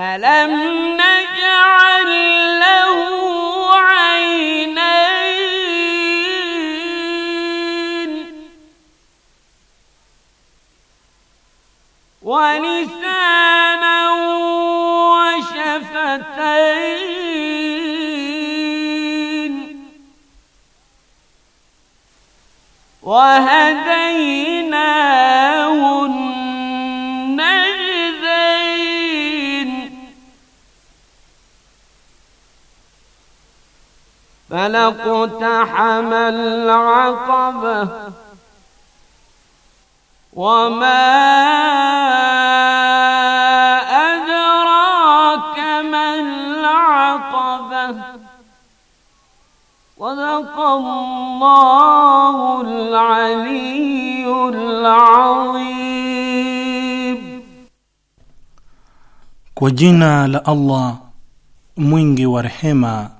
ألم نجعل له عينين ولسانا وشفتين وهديناه فلقتحم العقبة وما أدراك ما العقبة صدق الله العلي العظيم kwa لألله la Allah wa rehema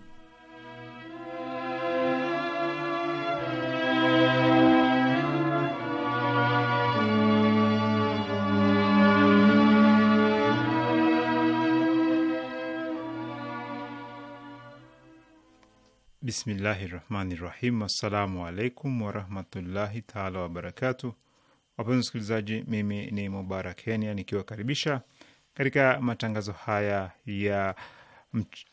Bismillahi rahmani rahim. Assalamu alaikum warahmatullahi taala wabarakatu. Wapenzi msikilizaji, mimi ni Mubarak Kenya nikiwakaribisha katika matangazo haya ya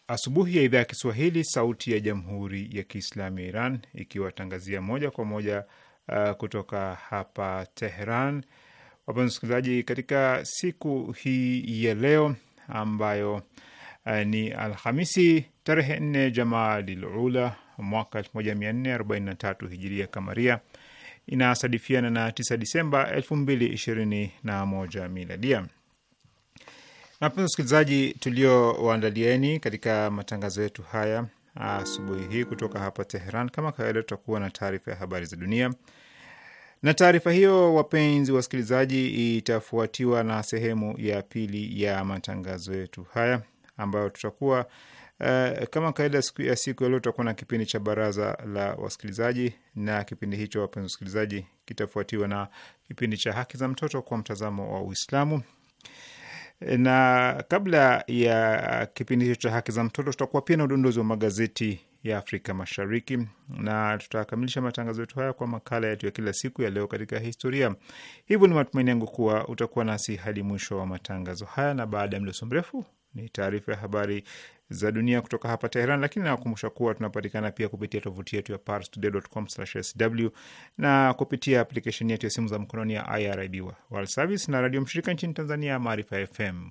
asubuhi ya idhaa ya Kiswahili sauti ya jamhuri ya Kiislamu ya Iran ikiwatangazia moja kwa moja uh, kutoka hapa Teheran. Wapenzi msikilizaji, katika siku hii ya leo ambayo ni Alhamisi tarehe nne Jamaadil Ula mwaka tatu hijiria kamaria, inasadifiana na tisa Disemba moja miladia. Napenza usikilizaji, tuliowaandalieni katika matangazo yetu haya asubuhi hii kutoka hapa Teheran, kama kawaida, tutakuwa na taarifa ya habari za dunia na taarifa hiyo, wapenzi wasikilizaji, itafuatiwa na sehemu ya pili ya matangazo yetu haya ambayo tutakuwa uh, kama kawaida siku ya siku ya leo tutakuwa na kipindi cha baraza la wasikilizaji, na kipindi hicho, wapenzi wasikilizaji, kitafuatiwa na kipindi cha haki za mtoto kwa mtazamo wa Uislamu na kabla ya kipindi hicho cha haki za mtoto tutakuwa pia na udondozi wa magazeti ya Afrika Mashariki, na tutakamilisha matangazo yetu haya kwa makala yetu ya kila siku ya leo katika historia. Hivyo ni matumaini yangu kuwa utakuwa nasi hadi mwisho wa matangazo haya, na baada ya mdoso mrefu ni taarifa ya habari za dunia kutoka hapa Teheran, lakini nawakumbusha kuwa tunapatikana pia kupitia tovuti yetu ya parstoday.com/sw na kupitia aplikesheni yetu ya simu za mkononi ya IRIB World Service na radio mshirika nchini Tanzania, Maarifa FM.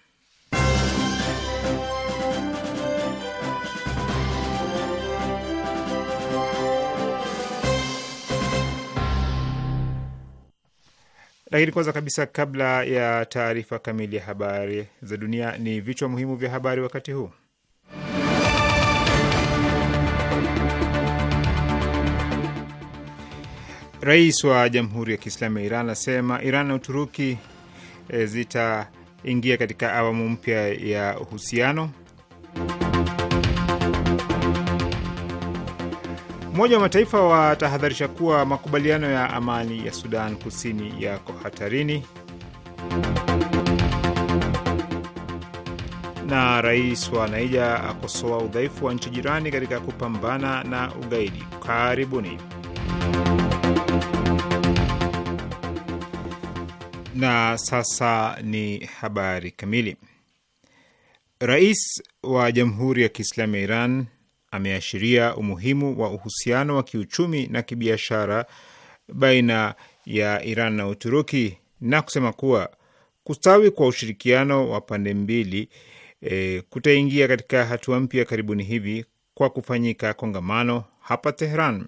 Lakini kwanza kabisa, kabla ya taarifa kamili ya habari za dunia, ni vichwa muhimu vya habari wakati huu. Rais wa Jamhuri ya Kiislamu ya Iran anasema Iran na Uturuki eh, zitaingia katika awamu mpya ya uhusiano. Umoja wa Mataifa watahadharisha kuwa makubaliano ya amani ya Sudan Kusini yako hatarini, na rais wa Naija akosoa udhaifu wa nchi jirani katika kupambana na ugaidi. Karibuni. Na sasa ni habari kamili. Rais wa Jamhuri ya Kiislamu ya Iran ameashiria umuhimu wa uhusiano wa kiuchumi na kibiashara baina ya Iran na Uturuki na kusema kuwa kustawi kwa ushirikiano wa pande mbili e, kutaingia katika hatua mpya karibuni hivi kwa kufanyika kongamano hapa Tehran.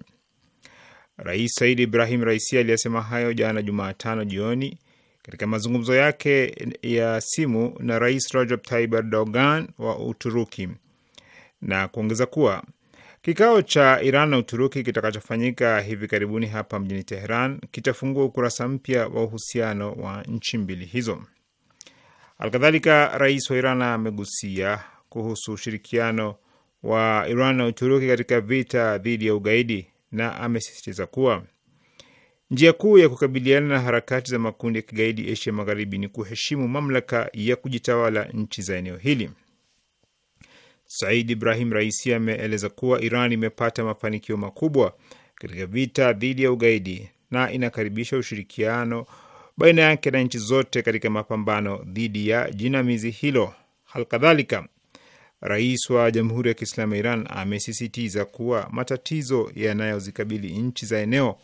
Rais Said Ibrahim Raisi aliyesema hayo jana Jumatano jioni katika mazungumzo yake ya simu na Rais Rajab Tayyip Erdogan wa Uturuki na kuongeza kuwa kikao cha Iran na Uturuki kitakachofanyika hivi karibuni hapa mjini Teheran kitafungua ukurasa mpya wa uhusiano wa nchi mbili hizo. Alkadhalika, rais wa Iran amegusia kuhusu ushirikiano wa Iran na Uturuki katika vita dhidi ya ugaidi na amesisitiza kuwa njia kuu ya kukabiliana na harakati za makundi ya kigaidi Asia Magharibi ni kuheshimu mamlaka ya kujitawala nchi za eneo hili. Said Ibrahim Raisi ameeleza kuwa Iran imepata mafanikio makubwa katika vita dhidi ya ugaidi na inakaribisha ushirikiano baina yake na nchi zote katika mapambano dhidi ya jinamizi hilo. Halkadhalika, Rais wa Jamhuri ya Kiislamu ya Iran amesisitiza kuwa matatizo yanayozikabili nchi za eneo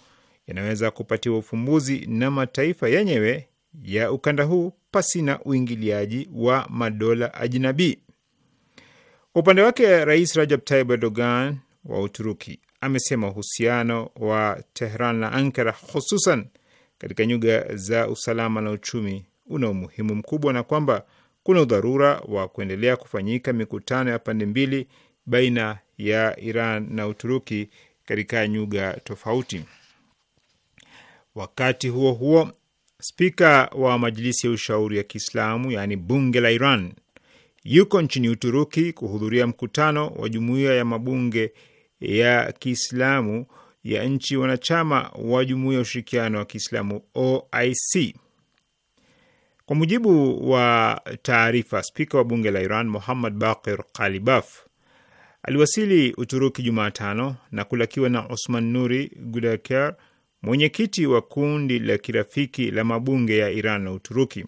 yanaweza kupatiwa ufumbuzi na mataifa yenyewe ya ukanda huu pasina uingiliaji wa madola ajinabii. Kwa upande wake Rais Rajab Tayyip Erdogan wa Uturuki amesema uhusiano wa Tehran na Ankara, hususan katika nyuga za usalama na uchumi, una umuhimu mkubwa na kwamba kuna udharura wa kuendelea kufanyika mikutano ya pande mbili baina ya Iran na Uturuki katika nyuga tofauti. Wakati huo huo, spika wa Majilisi ya Ushauri ya Kiislamu, yaani bunge la Iran, yuko nchini Uturuki kuhudhuria mkutano wa jumuiya ya mabunge ya Kiislamu ya nchi wanachama wa jumuiya ya ushirikiano wa Kiislamu OIC. Kwa mujibu wa taarifa, spika wa bunge la Iran Muhammad Baqir Kalibaf aliwasili Uturuki Jumatano na kulakiwa na Osman Nuri gudaker mwenyekiti wa kundi la kirafiki la mabunge ya Iran na Uturuki.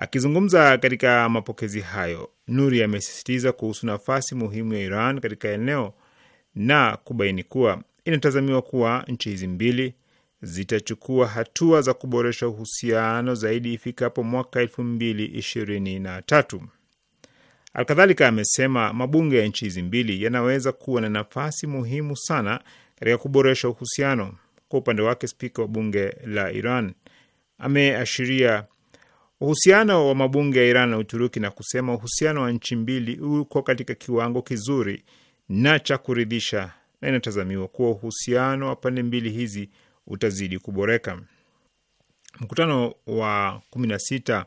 Akizungumza katika mapokezi hayo, Nuri amesisitiza kuhusu nafasi muhimu ya Iran katika eneo na kubaini kuwa inatazamiwa kuwa nchi hizi mbili zitachukua hatua za kuboresha uhusiano zaidi ifikapo mwaka elfu mbili ishirini na tatu. Alkadhalika amesema mabunge ya nchi hizi mbili yanaweza kuwa na nafasi muhimu sana katika kuboresha uhusiano. Kwa upande wake, spika wa bunge la Iran ameashiria uhusiano wa mabunge ya Iran na Uturuki na kusema uhusiano wa nchi mbili uko katika kiwango kizuri na cha kuridhisha na inatazamiwa kuwa uhusiano wa pande mbili hizi utazidi kuboreka. Mkutano wa kumi na sita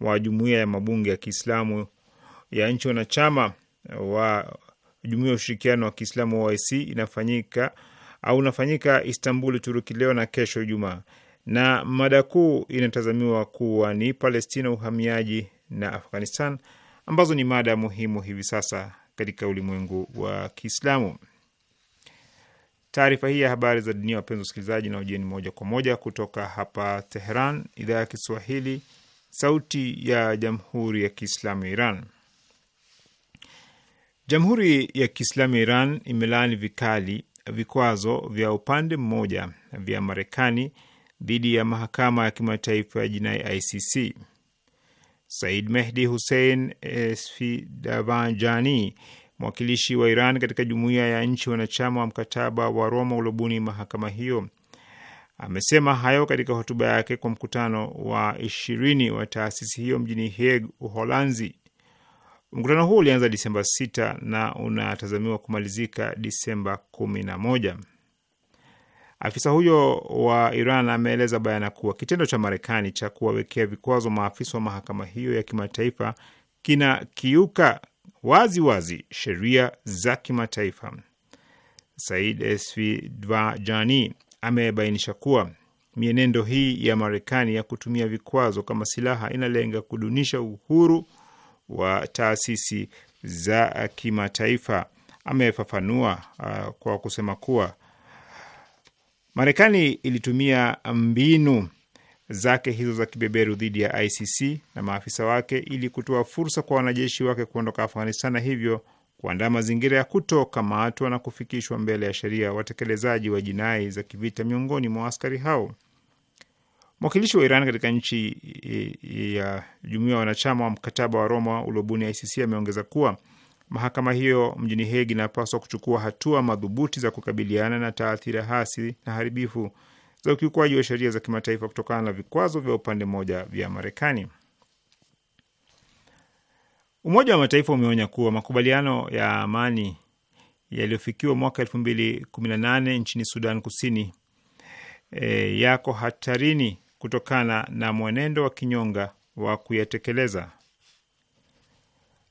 wa Jumuiya ya Mabunge ya Kiislamu ya nchi wanachama wa Jumuiya ya Ushirikiano wa Kiislamu wa OIC inafanyika au unafanyika Istanbul, Uturuki leo na kesho Ijumaa na mada kuu inatazamiwa kuwa ni Palestina, uhamiaji na Afghanistan, ambazo ni mada muhimu hivi sasa katika ulimwengu wa Kiislamu. Taarifa hii ya habari za dunia, wapenzi wasikilizaji, na ujieni moja kwa moja kutoka hapa Teheran, idhaa ya Kiswahili, sauti ya jamhuri ya Kiislamu ya Iran. Jamhuri ya Kiislamu ya Iran imelaani vikali vikwazo vya upande mmoja vya Marekani dhidi ya mahakama ya kimataifa ya jinai ICC. Said Mehdi Hussein Sfidavanjani, mwakilishi wa Iran katika jumuiya ya nchi wanachama wa mkataba wa Roma uliobuni mahakama hiyo, amesema hayo katika hotuba yake kwa mkutano wa ishirini wa taasisi hiyo mjini Hague, Uholanzi. Mkutano huu ulianza Disemba 6 na unatazamiwa kumalizika Disemba 11. Afisa huyo wa Iran ameeleza bayana kuwa kitendo cha Marekani cha kuwawekea vikwazo maafisa wa mahakama hiyo ya kimataifa kinakiuka wazi wazi sheria za kimataifa. Said Esfidvajani amebainisha kuwa mienendo hii ya Marekani ya kutumia vikwazo kama silaha inalenga kudunisha uhuru wa taasisi za kimataifa. Amefafanua uh, kwa kusema kuwa Marekani ilitumia mbinu zake hizo za kibeberu dhidi ya ICC na maafisa wake ili kutoa fursa kwa wanajeshi wake kuondoka Afghanistan na hivyo kuandaa mazingira ya kutokamatwa na kufikishwa mbele ya sheria watekelezaji wa jinai za kivita miongoni mwa askari hao. Mwakilishi wa Iran katika nchi eh, ya jumuiya wanachama wa mkataba wa Roma uliobuni ICC ameongeza kuwa mahakama hiyo mjini Hegi inapaswa kuchukua hatua madhubuti za kukabiliana na taathira hasi na haribifu za ukiukwaji wa sheria za kimataifa kutokana na vikwazo vya upande mmoja vya Marekani. Umoja wa Mataifa umeonya kuwa makubaliano ya amani yaliyofikiwa mwaka elfu mbili kumi na nane nchini Sudan Kusini e, yako hatarini kutokana na mwenendo wa kinyonga wa kuyatekeleza.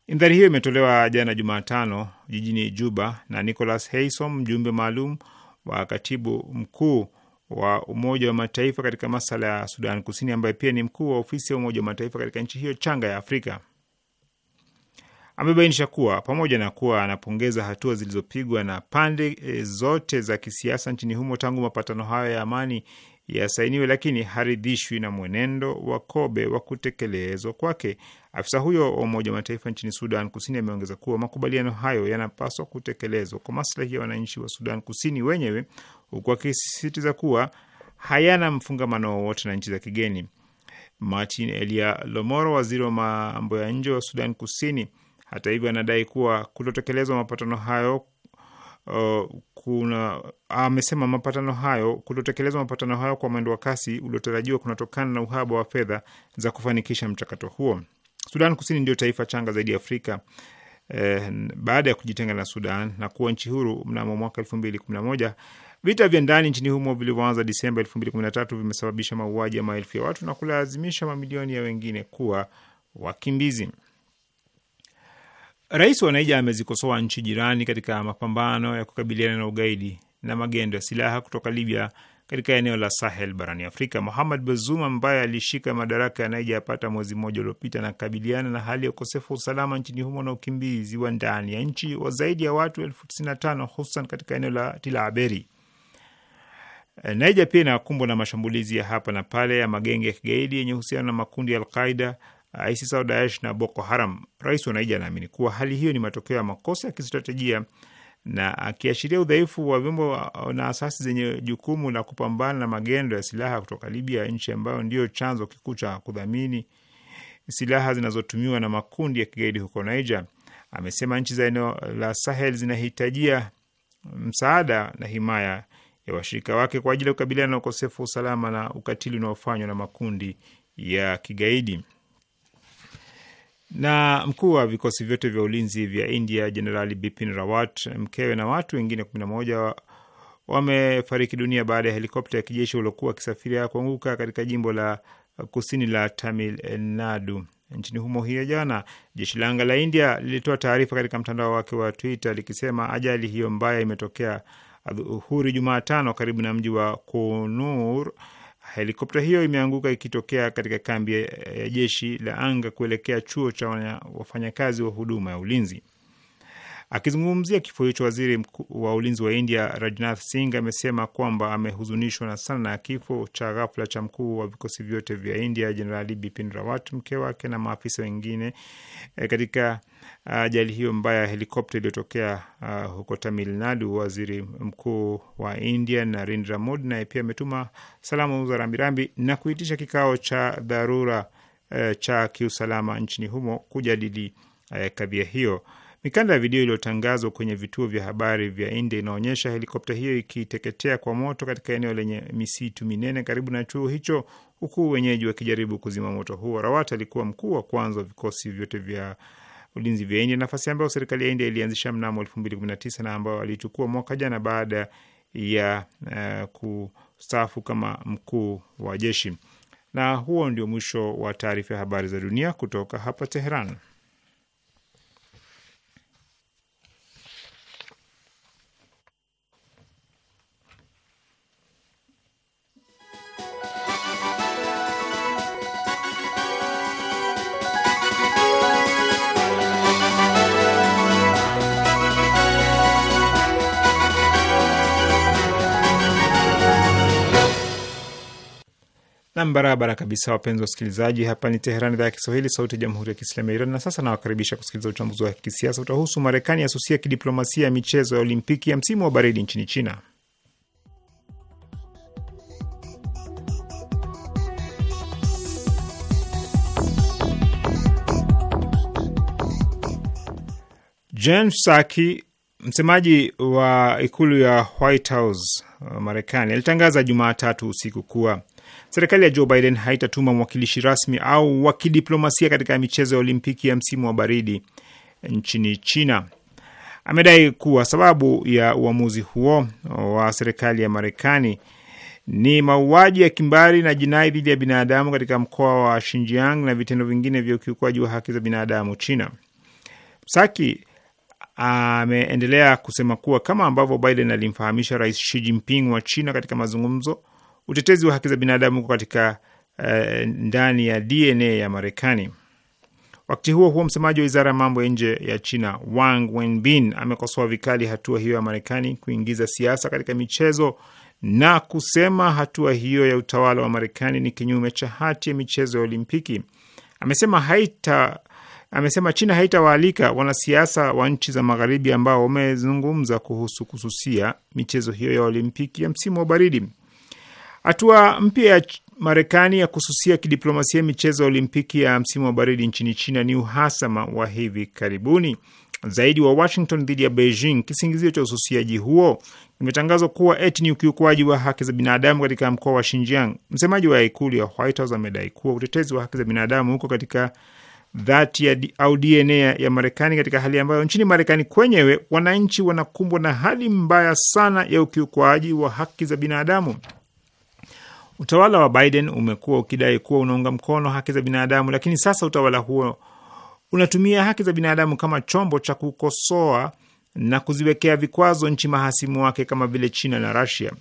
Indhari hiyo imetolewa jana Jumatano jijini Juba na Nicholas Haysom, mjumbe maalum wa katibu mkuu wa Umoja wa Mataifa katika masala ya Sudan Kusini, ambaye pia ni mkuu wa ofisi ya Umoja wa Mataifa katika nchi hiyo changa ya Afrika. Amebainisha kuwa pamoja na kuwa anapongeza hatua zilizopigwa na pande eh, zote za kisiasa nchini humo tangu mapatano hayo ya amani yasainiwe, lakini haridhishwi na mwenendo wa Kobe wa kutekelezwa kwake. Afisa huyo wa Umoja wa Mataifa nchini Sudan Kusini ameongeza kuwa makubaliano hayo yanapaswa kutekelezwa kwa maslahi ya wananchi wa Sudan Kusini wenyewe, huku akisisitiza kuwa hayana mfungamano wowote na nchi za kigeni. Martin Elia Lomoro, waziri wa mambo ya nje wa Sudan Kusini, hata hivyo, anadai kuwa kutotekelezwa mapatano hayo Eh, kuna ah, amesema mapatano hayo, kutotekelezwa mapatano hayo kwa mwendo wa kasi uliotarajiwa kunatokana na uhaba wa fedha za kufanikisha mchakato huo. Sudan Kusini ndio taifa changa zaidi Afrika eh, baada ya kujitenga na Sudan na kuwa nchi huru mnamo mwaka elfu mbili kumi na moja. Vita vya ndani nchini humo vilivyoanza Disemba elfu mbili kumi na tatu vimesababisha mauaji ya maelfu ya watu na kulazimisha mamilioni ya wengine kuwa wakimbizi. Rais wa Naija amezikosoa nchi jirani katika mapambano ya kukabiliana na ugaidi na magendo ya silaha kutoka Libya katika eneo la Sahel barani Afrika. Muhamad Bazoum ambaye alishika madaraka ya Naija yapata mwezi mmoja uliopita, anakabiliana na hali ya ukosefu wa usalama nchini humo na ukimbizi wa ndani ya nchi wa zaidi ya watu elfu tisini na tano hususan katika eneo la Tilaberi. Naija pia inakumbwa na mashambulizi ya hapa na pale ya magenge ya kigaidi yenye uhusiano na makundi ya Alqaida ISIS au Daesh na Boko Haram. Rais wa Naija anaamini kuwa hali hiyo ni matokeo ya makosa ya kistratejia na akiashiria udhaifu wa vyombo na asasi zenye jukumu la kupambana na magendo ya silaha kutoka Libya, nchi ambayo ndiyo chanzo kikuu cha kudhamini silaha zinazotumiwa na makundi ya kigaidi huko Niger. Amesema nchi za eneo la Sahel zinahitajia msaada na himaya ya washirika wake kwa ajili ya kukabiliana na ukosefu wa usalama na ukatili unaofanywa na makundi ya kigaidi na mkuu wa vikosi vyote vya ulinzi vya India Jenerali Bipin Rawat, mkewe na watu wengine 11 wamefariki dunia baada ya helikopta ya kijeshi uliokuwa wakisafiria kuanguka katika jimbo la kusini la Tamil Nadu nchini humo hiyo jana. Jeshi la anga la India lilitoa taarifa katika mtandao wake wa Twitter likisema ajali hiyo mbaya imetokea dhuhuri Jumatano karibu na mji wa kunur Helikopta hiyo imeanguka ikitokea katika kambi ya jeshi la anga kuelekea chuo cha wafanyakazi wa huduma ya ulinzi. Akizungumzia kifo hicho, waziri wa ulinzi wa India Rajnath Singh amesema kwamba amehuzunishwa sana na kifo cha ghafla cha mkuu wa vikosi vyote vya India Jenerali Bipin Rawat, mke wake na maafisa wengine e, katika eh, ajali hiyo mbaya ya helikopta iliyotokea uh, huko Tamil Nadu. Waziri mkuu wa India Narendra Modi naye pia ametuma salamu za rambirambi na kuitisha kikao cha dharura uh, cha kiusalama nchini humo kujadili uh, kadhia hiyo. Mikanda ya video iliyotangazwa kwenye vituo vya habari vya India inaonyesha helikopta hiyo ikiteketea kwa moto katika eneo lenye misitu minene karibu na chuo hicho, huku wenyeji wakijaribu kuzima moto huo. Rawat alikuwa mkuu wa kwanza wa vikosi vyote vya ulinzi vya India, nafasi ambayo serikali ya India ilianzisha mnamo 2019 na ambayo alichukua mwaka jana baada ya uh, kustaafu kama mkuu wa jeshi. Na huo ndio mwisho wa taarifa ya habari za dunia kutoka hapa Teheran. Nam, barabara kabisa, wapenzi wasikilizaji, hapa ni Teheran, idhaa ya Kiswahili, sauti ya jamhuri ya kiislamu ya Iran. Na sasa nawakaribisha kusikiliza uchambuzi wa kisiasa. Utahusu Marekani asusia kidiplomasia ya michezo ya Olimpiki ya msimu wa baridi nchini China. Jen Psaki, msemaji wa ikulu ya White House uh, Marekani, alitangaza Jumatatu usiku kuwa serikali ya Joe Biden haitatuma mwakilishi rasmi au wa kidiplomasia katika michezo ya Olimpiki ya msimu wa baridi nchini China. Amedai kuwa sababu ya uamuzi huo wa serikali ya Marekani ni mauaji ya kimbari na jinai dhidi ya binadamu katika mkoa wa Xinjiang na vitendo vingine vya ukiukwaji wa haki za binadamu China. Psaki ameendelea kusema kuwa kama ambavyo Biden alimfahamisha Rais Xi Jinping wa China katika mazungumzo utetezi wa haki za binadamu uko katika uh, ndani ya DNA ya Marekani. Wakati huo huo, msemaji wa wizara ya mambo ya nje ya China Wang Wenbin amekosoa vikali hatua hiyo ya Marekani kuingiza siasa katika michezo na kusema hatua hiyo ya utawala wa Marekani ni kinyume cha hati ya michezo ya Olimpiki. Amesema haita amesema China haitawaalika wanasiasa wa nchi za magharibi ambao wamezungumza kuhusu kususia michezo hiyo ya Olimpiki ya msimu wa baridi. Hatua mpya ya Marekani ya kususia kidiplomasia michezo ya Olimpiki ya msimu wa baridi nchini China ni uhasama wa hivi karibuni zaidi wa Washington dhidi ya Beijing. Kisingizio cha ususiaji huo imetangazwa kuwa eti ni ukiukwaji wa haki za binadamu katika mkoa wa Xinjiang. Msemaji wa ikulu ya White House amedai kuwa utetezi wa haki za binadamu huko katika dhati ya au DNA ya Marekani, katika hali ambayo nchini Marekani kwenyewe wananchi wanakumbwa na hali mbaya sana ya ukiukwaji wa haki za binadamu. Utawala wa Biden umekuwa ukidai kuwa unaunga mkono haki za binadamu, lakini sasa utawala huo unatumia haki za binadamu kama chombo cha kukosoa na kuziwekea vikwazo nchi mahasimu wake kama vile China na Russia.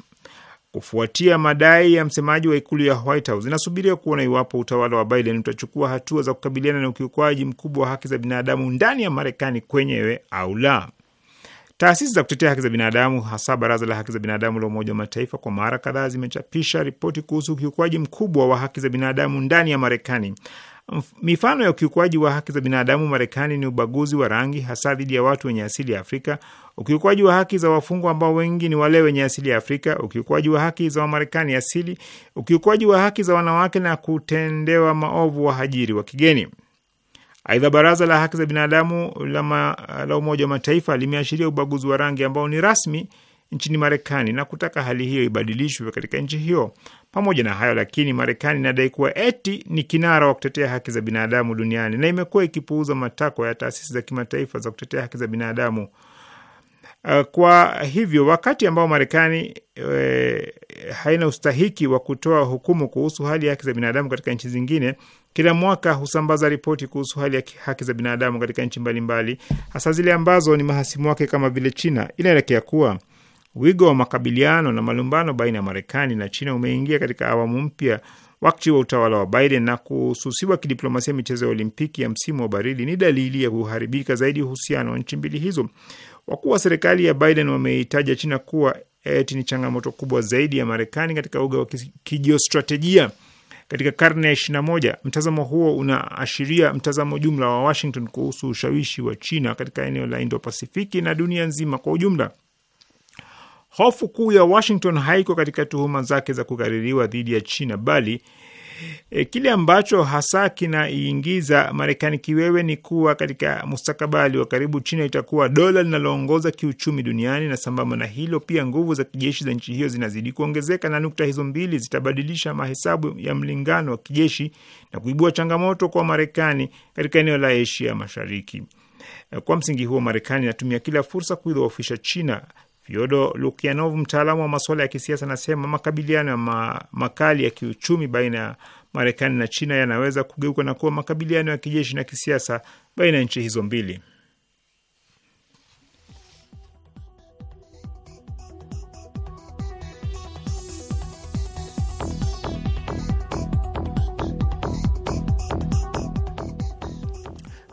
Kufuatia madai ya msemaji wa ikulu ya White House, inasubiria kuona iwapo utawala wa Biden utachukua hatua za kukabiliana na ukiukwaji mkubwa wa haki za binadamu ndani ya Marekani kwenyewe au la. Taasisi za kutetea haki za binadamu hasa Baraza la Haki za Binadamu la Umoja wa Mataifa kwa mara kadhaa zimechapisha ripoti kuhusu ukiukwaji mkubwa wa haki za binadamu ndani ya Marekani. Mifano ya ukiukwaji wa haki za binadamu Marekani ni ubaguzi wa rangi, hasa dhidi ya watu wenye asili ya Afrika, ukiukwaji wa haki za wafungwa ambao wengi ni wale wenye asili ya Afrika, ukiukwaji wa haki za Wamarekani asili, ukiukwaji wa haki za wanawake na kutendewa maovu wahajiri wa kigeni. Aidha, baraza la haki za binadamu la, ma, la Umoja wa Mataifa limeashiria ubaguzi wa rangi ambao ni rasmi nchini Marekani na kutaka hali hiyo ibadilishwe katika nchi hiyo. Pamoja na hayo lakini, Marekani inadai kuwa eti ni kinara wa kutetea haki za binadamu duniani na imekuwa ikipuuza matakwa ya taasisi za kimataifa za kutetea haki za binadamu. Uh, kwa hivyo wakati ambao Marekani e, haina ustahiki wa kutoa hukumu kuhusu hali ya haki za binadamu katika nchi zingine, kila mwaka husambaza ripoti kuhusu hali ya haki za binadamu katika nchi mbalimbali, hasa zile ambazo ni mahasimu wake kama vile China. Inaelekea kuwa wigo wa makabiliano na malumbano baina ya Marekani na China umeingia katika awamu mpya wakati wa utawala wa Biden na kususiwa kidiplomasia michezo ya Olimpiki ya msimu wa baridi ni dalili ya kuharibika zaidi uhusiano wa nchi mbili hizo. Wakuu wa serikali ya Biden wameitaja China kuwa eti ni changamoto kubwa zaidi ya Marekani katika uga wa kijiostratejia katika karne ya 21. Mtazamo huo unaashiria mtazamo jumla wa Washington kuhusu ushawishi wa China katika eneo la Indo-Pasifiki na dunia nzima kwa ujumla. Hofu kuu ya Washington haiko katika tuhuma zake za kukaririwa dhidi ya China, bali E, kile ambacho hasa kinaiingiza Marekani kiwewe ni kuwa katika mustakabali wa karibu China itakuwa dola linaloongoza kiuchumi duniani, na sambamba na hilo pia nguvu za kijeshi za nchi hiyo zinazidi kuongezeka, na nukta hizo mbili zitabadilisha mahesabu ya mlingano wa kijeshi na kuibua changamoto kwa Marekani katika eneo la Asia Mashariki. Eh, kwa msingi huo, Marekani inatumia kila fursa kuidhoofisha China Fyodor Lukianov, mtaalamu wa masuala ya kisiasa, anasema makabiliano ya ma, makali ya kiuchumi baina ya Marekani na China yanaweza kugeuka na kuwa makabiliano ya kijeshi na kisiasa baina ya nchi hizo mbili.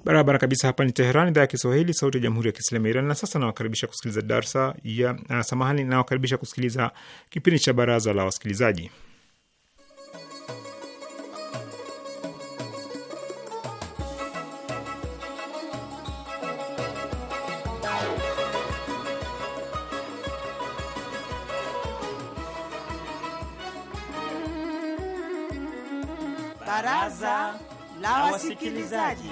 barabara kabisa. Hapa ni Teheran, idhaa ya Kiswahili, sauti ya jamhuri ya kiislamu ya Iran. Na sasa nawakaribisha kusikiliza darsa ya uh, samahani, nawakaribisha kusikiliza kipindi cha baraza la wasikilizaji. Baraza la wasikilizaji.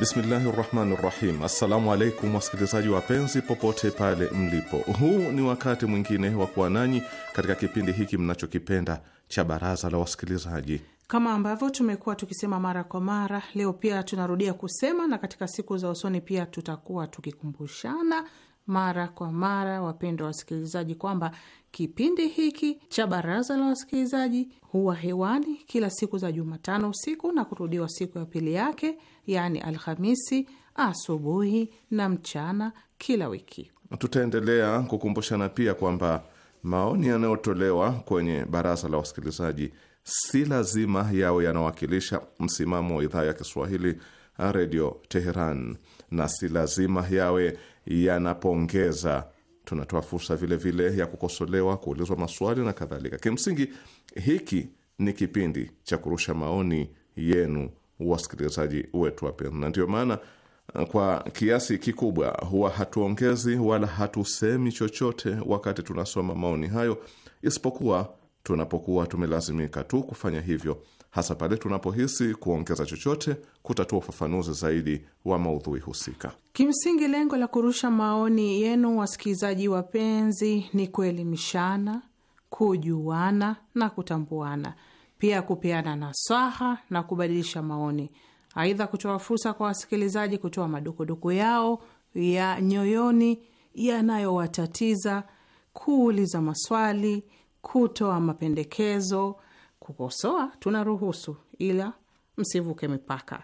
Bismillahi rahmani rahim. Assalamu alaikum wasikilizaji wapenzi, popote pale mlipo, huu ni wakati mwingine wa kuwa nanyi katika kipindi hiki mnachokipenda cha baraza la wasikilizaji. Kama ambavyo tumekuwa tukisema mara kwa mara, leo pia tunarudia kusema, na katika siku za usoni pia tutakuwa tukikumbushana mara kwa mara, wapendwa wasikilizaji, kwamba kipindi hiki cha Baraza la Wasikilizaji huwa hewani kila siku za Jumatano usiku na kurudiwa siku ya pili yake, yaani Alhamisi asubuhi na mchana kila wiki. Tutaendelea kukumbushana pia kwamba maoni yanayotolewa kwenye Baraza la Wasikilizaji si lazima yawe yanawakilisha msimamo wa idhaa ya Kiswahili Redio Teheran, na si lazima yawe yanapongeza. Tunatoa fursa vilevile ya kukosolewa, kuulizwa maswali na kadhalika. Kimsingi hiki ni kipindi cha kurusha maoni yenu, wasikilizaji wetu wapendwa, na ndiyo maana kwa kiasi kikubwa huwa hatuongezi wala hatusemi chochote wakati tunasoma maoni hayo, isipokuwa tunapokuwa tumelazimika tu kufanya hivyo hasa pale tunapohisi kuongeza chochote kutatua ufafanuzi zaidi wa maudhui husika. Kimsingi, lengo la kurusha maoni yenu, wasikilizaji wapenzi, ni kuelimishana, kujuana na kutambuana, pia kupeana nasaha na kubadilisha maoni. Aidha, kutoa fursa kwa wasikilizaji kutoa madukuduku yao ya nyoyoni yanayowatatiza, kuuliza maswali, kutoa mapendekezo Kukosoa tunaruhusu, ila msivuke mipaka,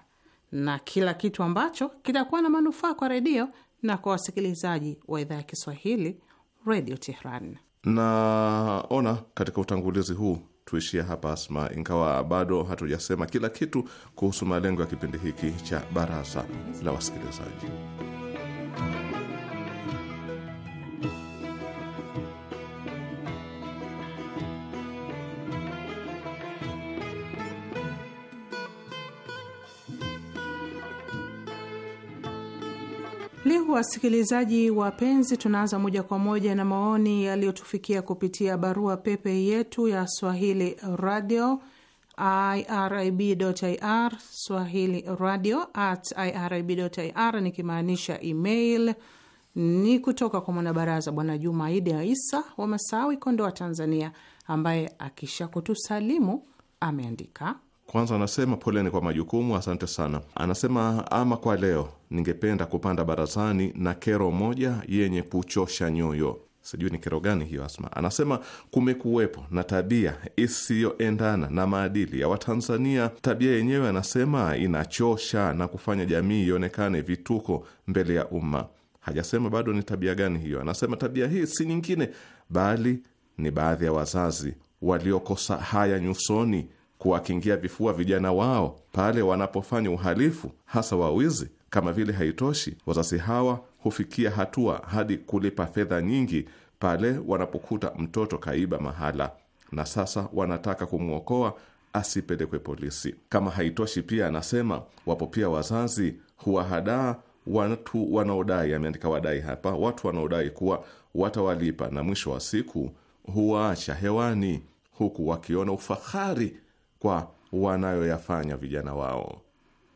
na kila kitu ambacho kitakuwa na manufaa kwa redio na kwa wasikilizaji wa idhaa ya Kiswahili Redio Tehran. Naona katika utangulizi huu tuishia hapa Asma, ingawa bado hatujasema kila kitu kuhusu malengo ya kipindi hiki cha baraza la wasikilizaji. wasikilizaji wapenzi, tunaanza moja kwa moja na maoni yaliyotufikia kupitia barua pepe yetu ya Swahili radio irib.ir, swahili radio at irib.ir, nikimaanisha email. Ni kutoka kwa mwanabaraza Bwana Juma Aidi Aisa wa Masawi, Kondoa, Tanzania, ambaye akisha kutusalimu ameandika kwanza anasema poleni kwa majukumu, asante sana. Anasema ama kwa leo ningependa kupanda barazani na kero moja yenye kuchosha nyoyo. Sijui ni kero gani hiyo, Asma. Anasema kumekuwepo na tabia isiyoendana na maadili ya Watanzania. Tabia yenyewe anasema inachosha na kufanya jamii ionekane vituko mbele ya umma. Hajasema bado ni tabia gani hiyo. Anasema tabia hii si nyingine bali ni baadhi ya wazazi waliokosa haya nyusoni kuwakingia vifua vijana wao pale wanapofanya uhalifu, hasa wawizi. Kama vile haitoshi, wazazi hawa hufikia hatua hadi kulipa fedha nyingi pale wanapokuta mtoto kaiba mahala, na sasa wanataka kumwokoa asipelekwe polisi. Kama haitoshi, pia anasema wapo pia wazazi huwahadaa watu wanaodai, ameandika wadai hapa, watu wanaodai kuwa watawalipa na mwisho wa siku huwaacha hewani, huku wakiona ufahari kwa wanayoyafanya vijana wao.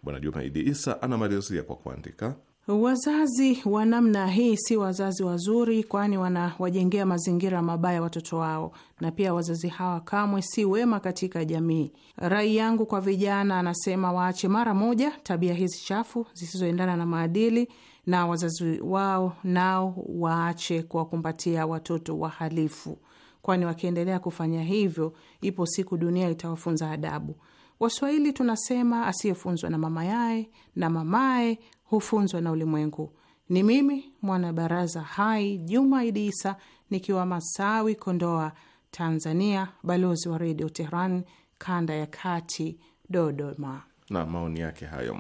Bwana Juma Idi Isa anamalizia kwa kuandika, wazazi wa namna hii si wazazi wazuri, kwani wanawajengea mazingira mabaya watoto wao, na pia wazazi hawa kamwe si wema katika jamii. Rai yangu kwa vijana, anasema, waache mara moja tabia hizi chafu zisizoendana na maadili na wazazi wao nao waache kuwakumbatia watoto wahalifu kwani wakiendelea kufanya hivyo, ipo siku dunia itawafunza adabu. Waswahili tunasema asiyefunzwa na mama yaye na mamaye hufunzwa na ulimwengu. Ni mimi mwanabaraza hai Juma Idi Isa nikiwa Masawi, Kondoa, Tanzania, balozi wa Redio Tehran kanda ya kati, Dodoma. Na maoni yake hayo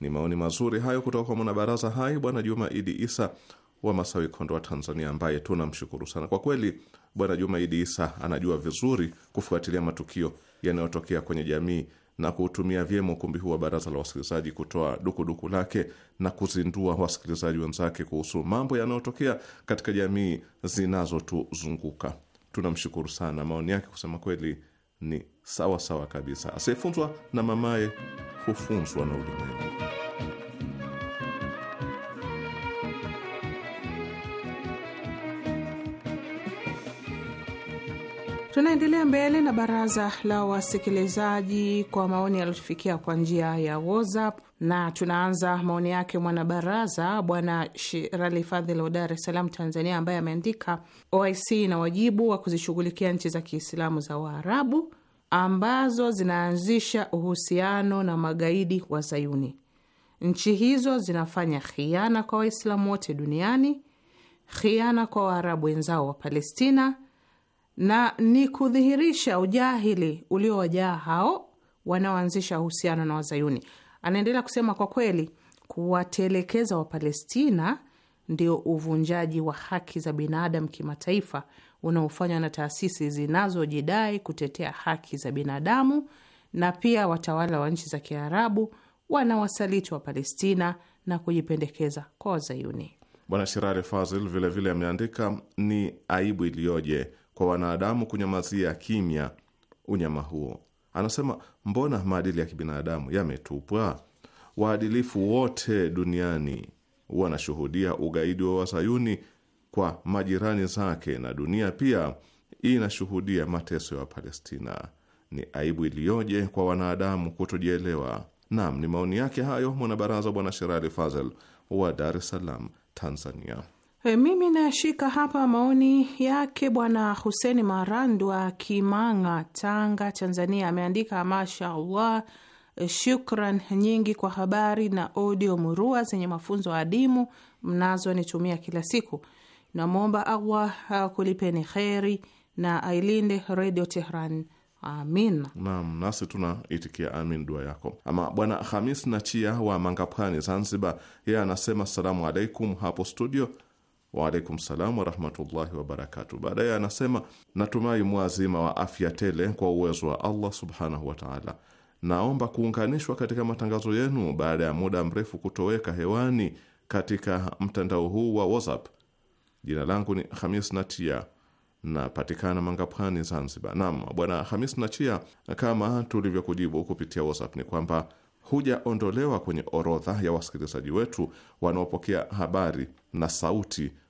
ni maoni mazuri hayo kutoka kwa mwanabaraza hai Bwana Juma Idi Isa wa Masawi, Kondoa, Tanzania, ambaye tunamshukuru sana kwa kweli Bwana Jumaidi Isa anajua vizuri kufuatilia matukio yanayotokea kwenye jamii na kuutumia vyema ukumbi huu wa baraza la wasikilizaji kutoa dukuduku lake na kuzindua wasikilizaji wenzake kuhusu mambo yanayotokea katika jamii zinazotuzunguka. Tunamshukuru sana. Maoni yake kusema kweli ni sawa sawa kabisa. Asiyefunzwa na mamaye hufunzwa na ulimwengu. Tunaendelea mbele na baraza la wasikilizaji kwa maoni yaliyotufikia kwa njia ya WhatsApp, na tunaanza maoni yake mwanabaraza Bwana Shirali Fadhil wa Dar es Salaam, Tanzania, ambaye ameandika OIC ina wajibu wa kuzishughulikia nchi za Kiislamu za Waarabu ambazo zinaanzisha uhusiano na magaidi wa Zayuni. Nchi hizo zinafanya khiana kwa Waislamu wote duniani, khiana kwa Waarabu wenzao wa Palestina na ni kudhihirisha ujahili uliowajaa hao wanaoanzisha uhusiano na Wazayuni. Anaendelea kusema, kwa kweli kuwatelekeza Wapalestina ndio uvunjaji wa haki za binadamu kimataifa unaofanywa na taasisi zinazojidai kutetea haki za binadamu na pia watawala wa nchi za Kiarabu wanawasaliti wa Palestina na kujipendekeza kwa Wazayuni. Bwana Shirari Fazil vilevile ameandika ni aibu iliyoje kwa wanadamu kunyamazia kimya unyama huo. Anasema, mbona maadili ya kibinadamu yametupwa? Waadilifu wote duniani wanashuhudia ugaidi wa Wazayuni kwa majirani zake na dunia pia inashuhudia mateso ya Wapalestina. Ni aibu iliyoje kwa wanadamu kutojielewa. Naam, ni maoni yake hayo mwanabaraza Bwana Sherali Fazel wa Dar es Salaam, Tanzania. E, mimi nashika hapa maoni yake Bwana Huseni Marandwa Kimanga, Tanga, Tanzania. Ameandika mashaallah, e, shukran nyingi kwa habari na audio murua zenye mafunzo adimu mnazonitumia kila siku. Namwomba Allah akulipeni kheri na ailinde Redio Tehran. Amin. Naam, nasi tunaitikia amin dua yako. Ama bwana Hamis Nachia wa Mangapwani, Zanzibar, yeye anasema assalamu alaikum hapo studio Waalaikum salam warahmatullahi wabarakatu. Baadaye anasema natumai mwazima wa afya tele kwa uwezo wa Allah subhanahu wataala. Naomba kuunganishwa katika matangazo yenu baada ya muda mrefu kutoweka hewani katika mtandao huu wa WhatsApp. Jina langu ni Hamis Natia, napatikana Mangapwani, Zanzibar. Naam, Bwana Hamis Nachia, kama tulivyokujibu kupitia WhatsApp ni kwamba hujaondolewa kwenye orodha ya wasikilizaji wetu wanaopokea habari na sauti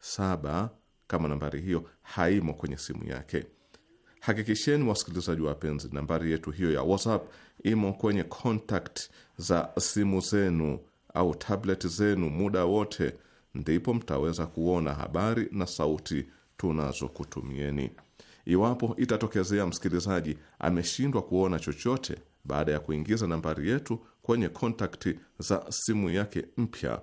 saba kama nambari hiyo haimo kwenye simu yake. Hakikisheni wasikilizaji wapenzi, nambari yetu hiyo ya WhatsApp imo kwenye contact za simu zenu au tablet zenu muda wote, ndipo mtaweza kuona habari na sauti tunazokutumieni. Iwapo itatokezea msikilizaji ameshindwa kuona chochote baada ya kuingiza nambari yetu kwenye kontakti za simu yake mpya,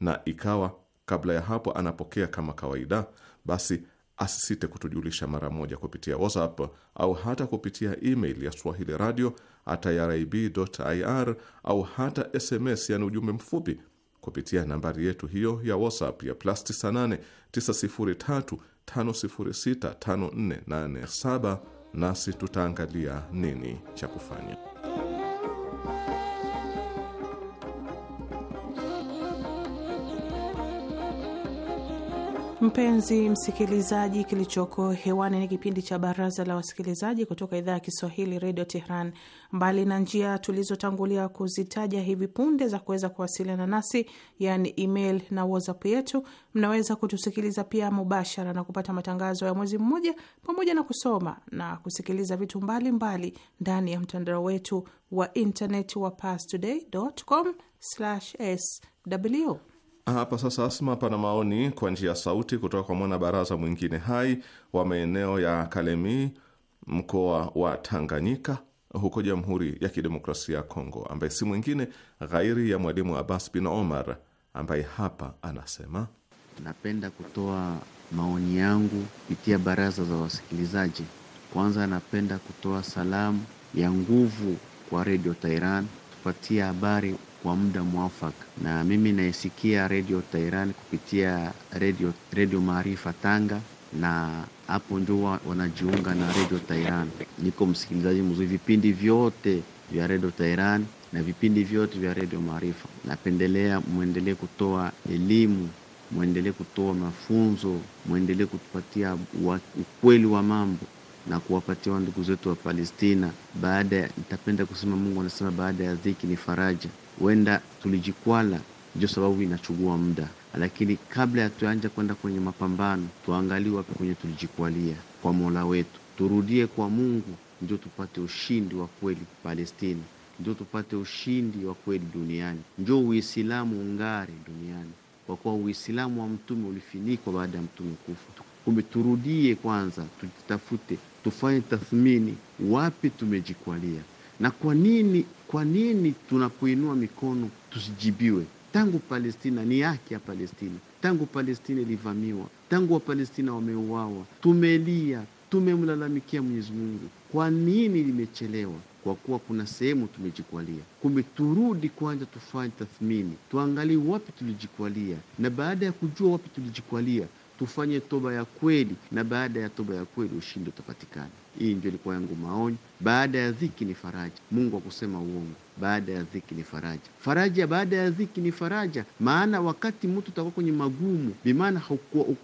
na ikawa Kabla ya hapo anapokea kama kawaida, basi asisite kutujulisha mara moja kupitia WhatsApp au hata kupitia email ya swahili radio at irib.ir au hata SMS, yani ujumbe mfupi kupitia nambari yetu hiyo ya WhatsApp ya plus 98 903 506 5487, nasi tutaangalia nini cha kufanya. Mpenzi msikilizaji, kilichoko hewani ni kipindi cha Baraza la Wasikilizaji kutoka idhaa ya Kiswahili Redio Tehran. Mbali na njia tulizotangulia kuzitaja hivi punde za kuweza kuwasiliana nasi, yani email na WhatsApp yetu, mnaweza kutusikiliza pia mubashara na kupata matangazo ya mwezi mmoja, pamoja na kusoma na kusikiliza vitu mbalimbali mbali ndani ya mtandao wetu wa internet wa parstoday.com/sw hapa sasa, Asma, pana maoni kwa njia ya sauti kutoka kwa mwanabaraza mwingine hai wa maeneo ya Kalemie, mkoa wa Tanganyika, huko Jamhuri ya Kidemokrasia ya Kongo, ambaye si mwingine ghairi ya Mwalimu Abbas bin Omar, ambaye hapa anasema napenda kutoa maoni yangu kupitia baraza za wasikilizaji. Kwanza napenda kutoa salamu ya nguvu kwa Redio Tairan, kupatia habari kwa muda mwafaka, na mimi naisikia redio Tehran kupitia redio redio Maarifa Tanga, na hapo ndio wanajiunga na redio Tehran. Niko msikilizaji mzuri vipindi vyote vya redio Tehran na vipindi vyote vya redio Maarifa. Napendelea mwendelee kutoa elimu, mwendelee kutoa mafunzo, mwendelee kutupatia ukweli wa mambo na kuwapatia ndugu zetu wa Palestina. Baada nitapenda kusema Mungu anasema baada ya dhiki ni faraja huenda tulijikwala, ndio sababu inachukua muda. Lakini kabla ya tuanja kwenda kwenye mapambano, tuangalie wapi kwenye tulijikwalia kwa Mola wetu, turudie kwa Mungu, ndio tupate ushindi wa kweli Palestina, ndio tupate ushindi wa kweli duniani, ndio Uislamu ungare duniani, kwa kuwa Uislamu wa mtume ulifinikwa baada ya mtume kufa. Kumbe turudie kwanza, tujitafute, tufanye tathmini, wapi tumejikwalia. Na kwa nini, kwa nini tunapoinua mikono tusijibiwe? Tangu Palestina ni yake ya Palestina, tangu Palestina ilivamiwa, tangu Wapalestina wameuawa, tumelia, tumemlalamikia Mwenyezi Mungu. Kwa nini limechelewa? Kwa kuwa kuna sehemu tumejikwalia. Kumbe turudi kwanza, tufanye tathmini, tuangalie wapi tulijikwalia, na baada ya kujua wapi tulijikwalia, tufanye toba ya kweli, na baada ya toba ya kweli ushindi utapatikana. Hii ndio ilikuwa yangu maoni. Baada ya dhiki ni faraja. Mungu akusema uongo, baada ya dhiki ni faraja. Faraja baada ya dhiki ni faraja, maana wakati mtu utakuwa kwenye magumu, bimaana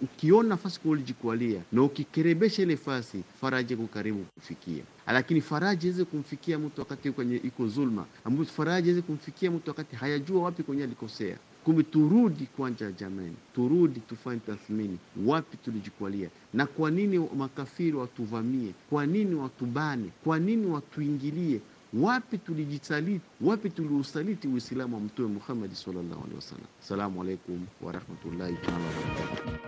ukiona nafasi ulijikwalia na ukikerebesha ile fasi, faraja iko karibu kufikia. Lakini faraja iweze kumfikia mtu wakati kwenye iko zulma ambapo faraja iweze kumfikia mtu wakati hayajua wapi kwenye alikosea. Kumbe turudi ya jamani, turudi tufanye tathmini, wapi tulijikwalia na kwa nini makafiri watuvamie? Kwa nini watubane? Kwa nini watuingilie? Wapi tulijisaliti? Wapi tuliusaliti Uislamu wa Mtume Muhammadi sallallahu alaihi wasallam? Assalamu alaikum warahmatullahi taala wabarakatuh.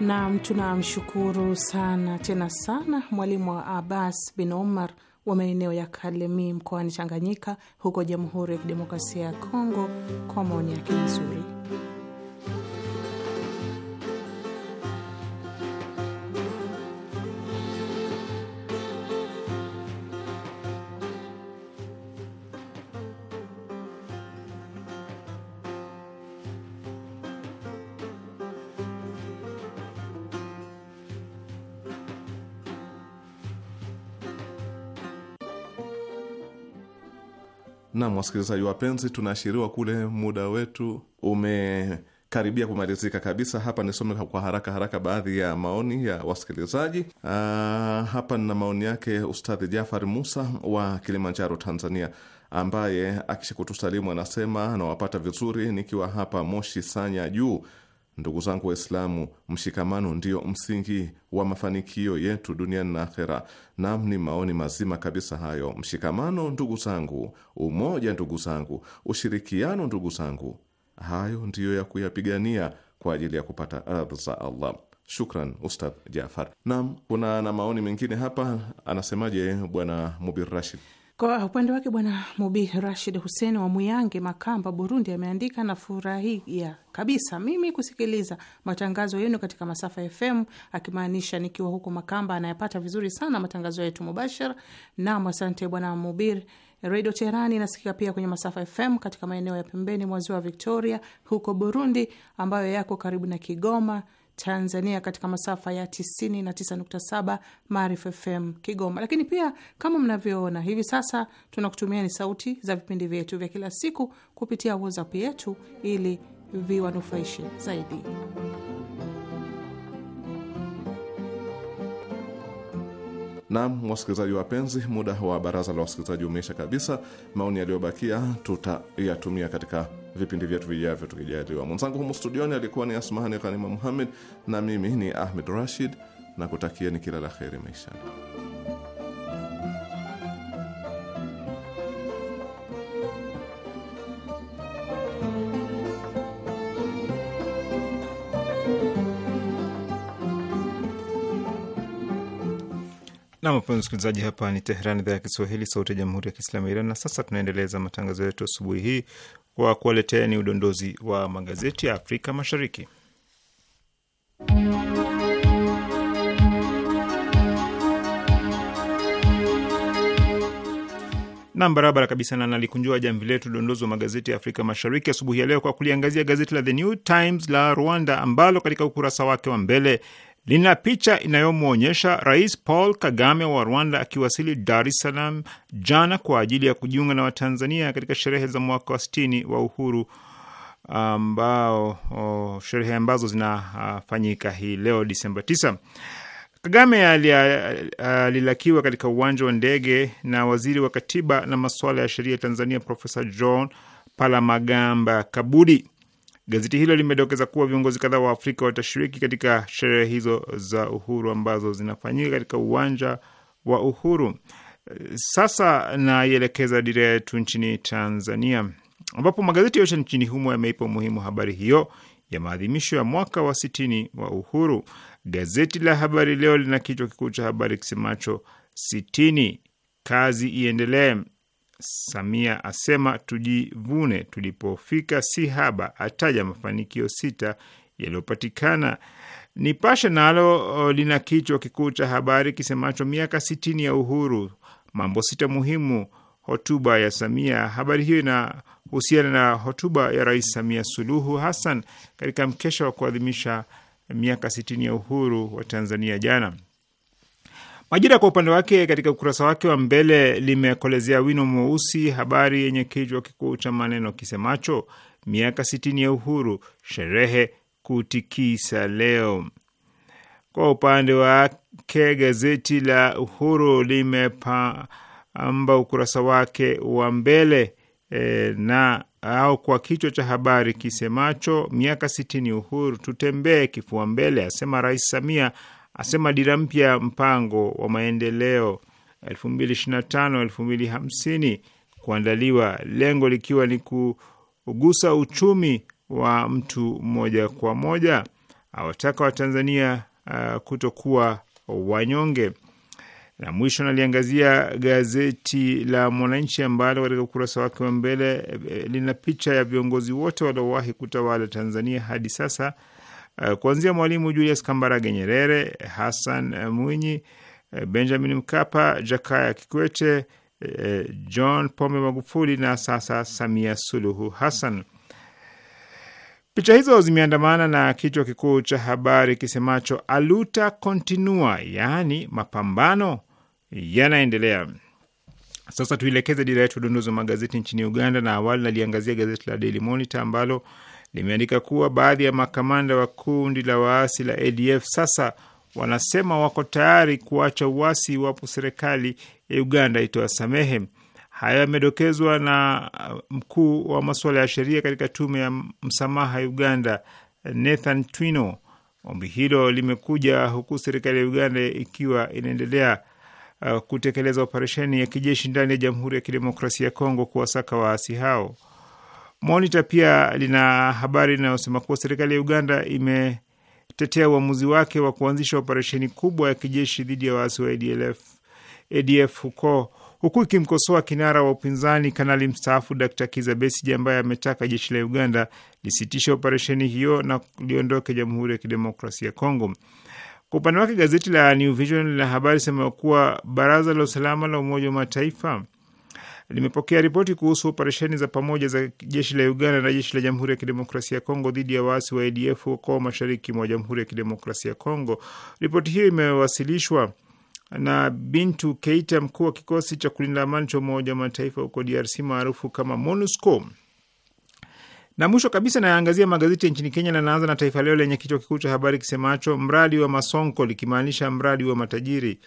Naam, tunamshukuru sana tena sana mwalimu wa Abbas bin Omar wa maeneo ya Kalemie mkoani Tanganyika, huko Jamhuri ya Kidemokrasia ya Kongo, kwa maoni yake mazuri. Nam, wasikilizaji wapenzi, tunaashiriwa kule muda wetu umekaribia kumalizika kabisa. Hapa nisome kwa haraka haraka baadhi ya maoni ya wasikilizaji. Aa, ah, hapa nina maoni yake Ustadhi Jafari Musa wa Kilimanjaro, Tanzania, ambaye akishakutusalimu anasema anawapata vizuri nikiwa hapa Moshi Sanya juu Ndugu zangu Waislamu, mshikamano ndiyo msingi wa mafanikio yetu duniani na akhera. Nam, ni maoni mazima kabisa hayo. Mshikamano ndugu zangu, umoja ndugu zangu, ushirikiano ndugu zangu, hayo ndiyo ya kuyapigania kwa ajili ya kupata ardhi za Allah. Shukran Ustadh Jafar. Nam, kuna na maoni mengine hapa, anasemaje Bwana Mubir Rashid? Kwa upande wake Bwana Mubi Rashid Hussein wa Muyange, Makamba, Burundi, ameandika anafurahia kabisa mimi kusikiliza matangazo yenu katika masafa FM, akimaanisha nikiwa huko Makamba anayapata vizuri sana matangazo yetu mubashara. Nam, asante Bwana Mubir. Redio Teherani inasikika pia kwenye masafa FM katika maeneo ya pembeni mwa ziwa Victoria huko Burundi, ambayo yako karibu na Kigoma, Tanzania katika masafa ya 99.7 Maarifa FM Kigoma. Lakini pia kama mnavyoona hivi sasa, tunakutumia ni sauti za vipindi vyetu vya kila siku kupitia WhatsApp yetu ili viwanufaishe zaidi. Nam, wasikilizaji wapenzi, muda wa baraza la wasikilizaji umeisha kabisa. Maoni yaliyobakia tutayatumia katika vipindi vyetu vijavyo tukijaliwa. Mwenzangu humu studioni alikuwa ni Asmahani Ghanima Muhammed na mimi ni Ahmed Rashid na kutakieni kila la kheri maishani. Nam, msikilizaji, hapa ni Teheran, idhaa ya Kiswahili, sauti ya jamhuri ya kiislamu ya Iran. Na sasa tunaendeleza matangazo yetu asubuhi hii kwa ni udondozi wa magazeti ya Afrika Mashariki. Nam barabara kabisa, na nalikunjua jamvi letu dondozi wa magazeti ya Afrika Mashariki asubuhi ya leo kwa kuliangazia gazeti la The New Times la Rwanda ambalo katika ukurasa wake wa mbele lina picha inayomwonyesha Rais Paul Kagame wa Rwanda akiwasili Dar es Salaam jana kwa ajili ya kujiunga na Watanzania katika sherehe za mwaka wa sitini wa uhuru ambao oh, sherehe ambazo zinafanyika uh, hii leo Disemba 9. Kagame alilakiwa uh, katika uwanja wa ndege na waziri wa katiba na masuala ya sheria ya Tanzania Profesa John Palamagamba Kabudi. Gazeti hilo limedokeza kuwa viongozi kadhaa wa Afrika watashiriki katika sherehe hizo za uhuru ambazo zinafanyika katika uwanja wa Uhuru. Sasa naielekeza dira yetu nchini Tanzania, ambapo magazeti yote nchini humo yameipa umuhimu habari hiyo ya maadhimisho ya mwaka wa sitini wa uhuru. Gazeti la Habari Leo lina kichwa kikuu cha habari kisemacho sitini, kazi iendelee. Samia asema tujivune tulipofika si haba, ataja mafanikio sita yaliyopatikana. Nipashe nalo oh, lina kichwa kikuu cha habari kisemacho miaka sitini ya uhuru, mambo sita muhimu, hotuba ya Samia. Habari hiyo inahusiana na hotuba ya Rais Samia Suluhu Hassan katika mkesha wa kuadhimisha miaka sitini ya uhuru wa Tanzania jana. Majira kwa upande wake katika ukurasa wake wa mbele limekolezea wino mweusi habari yenye kichwa kikuu cha maneno kisemacho miaka sitini ya uhuru, sherehe kutikisa leo. Kwa upande wake gazeti la Uhuru limepamba ukurasa wake wa mbele e, na au kwa kichwa cha habari kisemacho miaka sitini uhuru tutembee kifua mbele, asema Rais Samia asema dira mpya mpango wa maendeleo 2025-2050 kuandaliwa, lengo likiwa ni kugusa uchumi wa mtu moja kwa moja. Awataka Watanzania uh, kutokuwa wanyonge. Na mwisho naliangazia gazeti la Mwananchi ambalo katika ukurasa wake wa mbele eh, lina picha ya viongozi wote waliowahi kutawala Tanzania hadi sasa Eh, kuanzia Mwalimu Julius Kambarage Nyerere, Hassan eh, Mwinyi, eh, Benjamin Mkapa, Jakaya Kikwete, John Pombe Magufuli na sasa Samia Suluhu Hassan. Picha hizo zimeandamana na kichwa kikuu cha habari kisemacho aluta continua, yaani mapambano yanaendelea. Sasa tuilekeze dira yetu udunduzi wa magazeti nchini Uganda, na awali naliangazia gazeti la Daily Monitor ambalo limeandika kuwa baadhi ya makamanda wa kundi la waasi la ADF sasa wanasema wako tayari kuacha uasi iwapo serikali ya Uganda itoa samehe Hayo yamedokezwa na uh, mkuu wa masuala ya sheria katika tume ya msamaha Uganda, Nathan Twino. Ombi hilo limekuja huku serikali ya Uganda ikiwa inaendelea uh, kutekeleza operesheni ya kijeshi ndani ya Jamhuri ya Kidemokrasia ya Kongo kuwasaka waasi hao. Monita pia lina habari inayosema kuwa serikali ya Uganda imetetea uamuzi wake wa kuanzisha operesheni kubwa ya kijeshi dhidi ya waasi wa ADF, ADF huko huku ikimkosoa kinara wa upinzani kanali mstaafu Dkt. Kiza Besije ambaye ametaka jeshi la Uganda lisitishe operesheni hiyo na liondoke Jamhuri ya Kidemokrasia ya Kongo. Kwa upande wake gazeti la New Vision lina habari sema kuwa baraza la usalama la Umoja wa Mataifa limepokea ripoti kuhusu operesheni za pamoja za jeshi la Uganda na jeshi la Jamhuri ya Kidemokrasia ya Kongo dhidi ya waasi wa ADF huko mashariki mwa Jamhuri ya Kidemokrasia ya Kongo. Ripoti hiyo imewasilishwa na Bintu Keita, mkuu wa kikosi cha kulinda amani cha Umoja wa Mataifa huko DRC maarufu kama MONUSCO. Na mwisho kabisa nayaangazia magazeti nchini Kenya, na naanza na Taifa Leo lenye kichwa kikuu cha habari kisemacho mradi wa Masonko, likimaanisha mradi wa matajiri.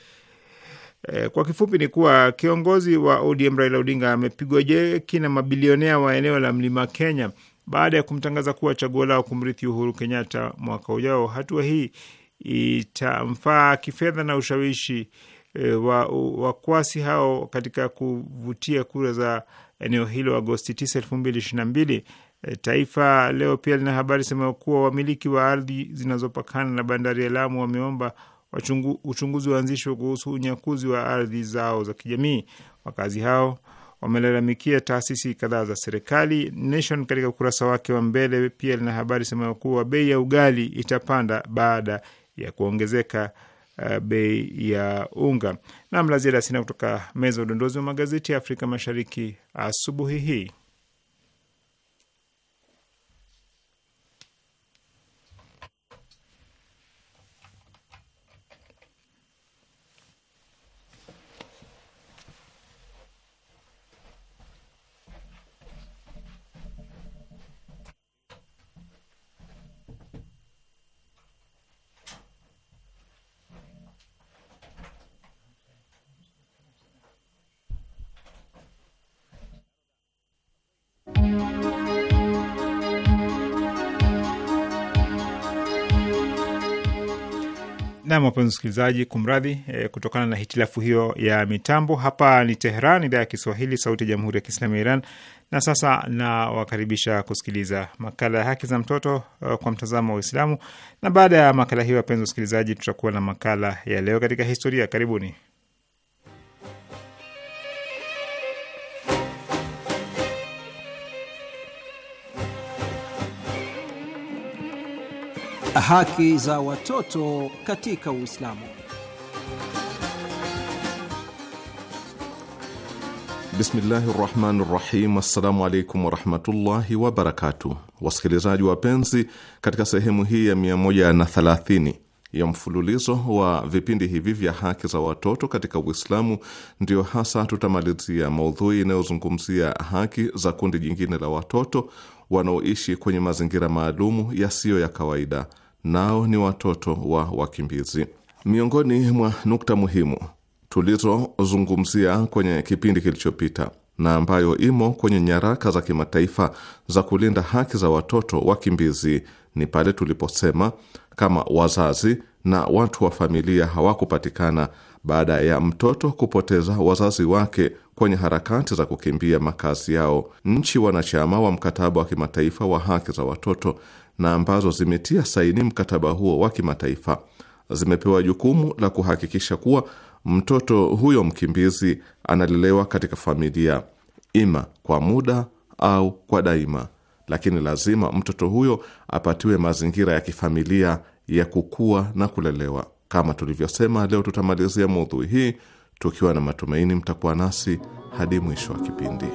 Eh, kwa kifupi ni kuwa kiongozi wa ODM Raila Odinga amepigwa jeki na mabilionea wa eneo la mlima Kenya baada ya kumtangaza kuwa chaguo lao kumrithi Uhuru Kenyatta mwaka ujao. Hatua hii itamfaa kifedha na ushawishi eh, wa wakwasi hao katika kuvutia kura za eneo hilo Agosti 9, 2022. Eh, Taifa Leo pia lina habari sema kuwa wamiliki wa ardhi zinazopakana na bandari ya Lamu wameomba wachungu, uchunguzi uanzishwe kuhusu unyakuzi wa ardhi zao za kijamii. Wakazi hao wamelalamikia taasisi kadhaa za serikali. Nation katika ukurasa wake wa mbele pia lina habari sema kuwa bei ya ugali itapanda baada ya kuongezeka uh, bei ya unga. na la ziada sina kutoka meza udondozi wa magazeti ya Afrika Mashariki asubuhi hii. Nam, wapenzi msikilizaji, kumradhi e, kutokana na hitilafu hiyo ya mitambo. Hapa ni Tehran, idhaa ya Kiswahili, sauti ya jamhuri ya kiislamu ya Iran. Na sasa nawakaribisha kusikiliza makala ya haki za mtoto eh, kwa mtazamo wa Uislamu, na baada ya makala hiyo, wapenzi wasikilizaji, tutakuwa na makala ya leo katika historia. Karibuni. Haki za watoto katika Uislamu. Bismillahi rahmani rahim. Assalamu alaikum warahmatullahi wabarakatu. Wasikilizaji wapenzi, katika sehemu hii ya 130 ya mfululizo wa vipindi hivi vya haki za watoto katika Uislamu, ndiyo hasa tutamalizia maudhui inayozungumzia haki za kundi jingine la watoto wanaoishi kwenye mazingira maalumu yasiyo ya kawaida nao ni watoto wa wakimbizi. Miongoni mwa nukta muhimu tulizozungumzia kwenye kipindi kilichopita na ambayo imo kwenye nyaraka za kimataifa za kulinda haki za watoto wakimbizi ni pale tuliposema kama wazazi na watu wa familia hawakupatikana baada ya mtoto kupoteza wazazi wake kwenye harakati za kukimbia makazi yao, nchi wanachama wa mkataba wa kimataifa wa haki za watoto na ambazo zimetia saini mkataba huo wa kimataifa zimepewa jukumu la kuhakikisha kuwa mtoto huyo mkimbizi analelewa katika familia ima kwa muda au kwa daima, lakini lazima mtoto huyo apatiwe mazingira ya kifamilia ya kukua na kulelewa. Kama tulivyosema, leo tutamalizia maudhui hii tukiwa na matumaini mtakuwa nasi hadi mwisho wa kipindi.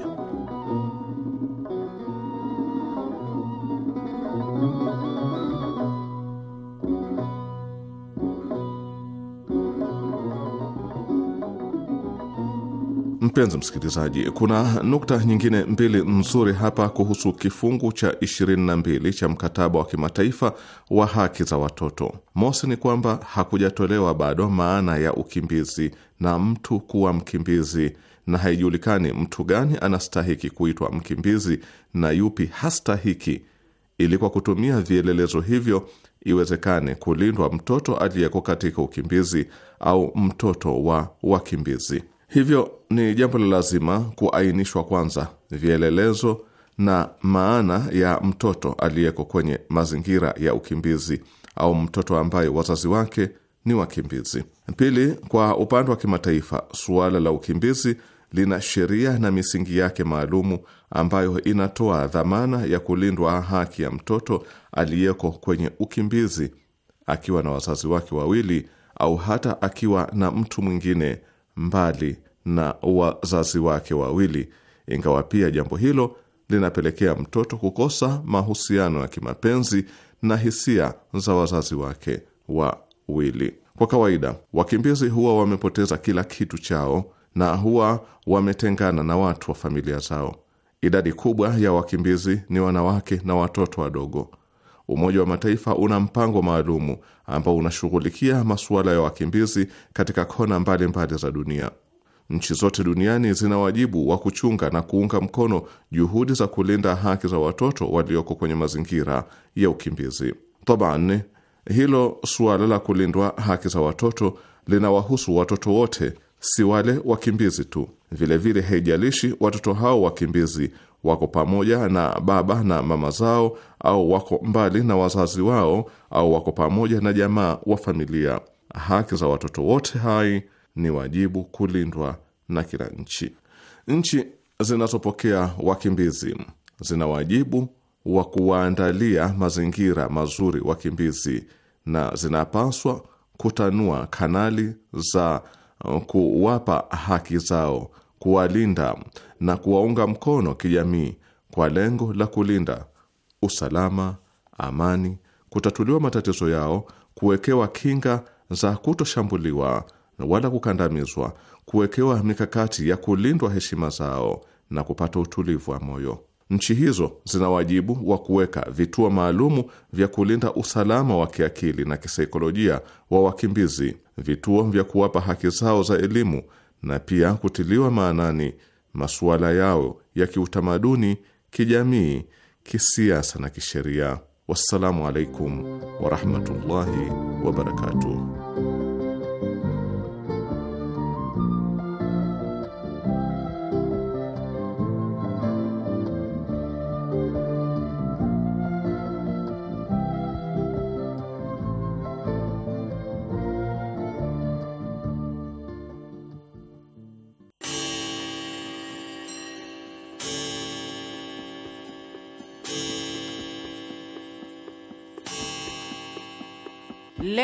Mpenzi msikilizaji, kuna nukta nyingine mbili nzuri hapa kuhusu kifungu cha 22 cha mkataba wa kimataifa wa haki za watoto. Mosi ni kwamba hakujatolewa bado maana ya ukimbizi na mtu kuwa mkimbizi, na haijulikani mtu gani anastahiki kuitwa mkimbizi na yupi hastahiki, ili kwa kutumia vielelezo hivyo iwezekane kulindwa mtoto aliyeko katika ukimbizi au mtoto wa wakimbizi. Hivyo ni jambo la lazima kuainishwa kwanza vielelezo na maana ya mtoto aliyeko kwenye mazingira ya ukimbizi au mtoto ambaye wazazi wake ni wakimbizi. Pili, kwa upande wa kimataifa, suala la ukimbizi lina sheria na misingi yake maalumu ambayo inatoa dhamana ya kulindwa haki ya mtoto aliyeko kwenye ukimbizi akiwa na wazazi wake wawili au hata akiwa na mtu mwingine mbali na wazazi wake wawili, ingawa pia jambo hilo linapelekea mtoto kukosa mahusiano ya kimapenzi na hisia za wazazi wake wawili. Kwa kawaida wakimbizi huwa wamepoteza kila kitu chao na huwa wametengana na watu wa familia zao. Idadi kubwa ya wakimbizi ni wanawake na watoto wadogo. Umoja wa Mataifa una mpango maalumu ambao unashughulikia masuala ya wakimbizi katika kona mbalimbali za dunia. Nchi zote duniani zina wajibu wa kuchunga na kuunga mkono juhudi za kulinda haki za watoto walioko kwenye mazingira ya ukimbizi. Taban, hilo suala la kulindwa haki za watoto linawahusu watoto wote, si wale wakimbizi tu. Vilevile haijalishi watoto hao wakimbizi wako pamoja na baba na mama zao, au wako mbali na wazazi wao, au wako pamoja na jamaa wa familia. Haki za watoto wote hai ni wajibu kulindwa na kila nchi. Nchi zinazopokea wakimbizi zina wajibu wa kuwaandalia mazingira mazuri wakimbizi, na zinapaswa kutanua kanali za uh, kuwapa haki zao, kuwalinda na kuwaunga mkono kijamii kwa lengo la kulinda usalama, amani, kutatuliwa matatizo yao, kuwekewa kinga za kutoshambuliwa wala kukandamizwa, kuwekewa mikakati ya kulindwa heshima zao na kupata utulivu wa moyo. Nchi hizo zina wajibu wa kuweka vituo maalumu vya kulinda usalama wa kiakili na kisaikolojia wa wakimbizi, vituo vya kuwapa haki zao za elimu na pia kutiliwa maanani masuala yao ya kiutamaduni, kijamii, kisiasa na kisheria. Wassalamu alaikum warahmatullahi wabarakatuh.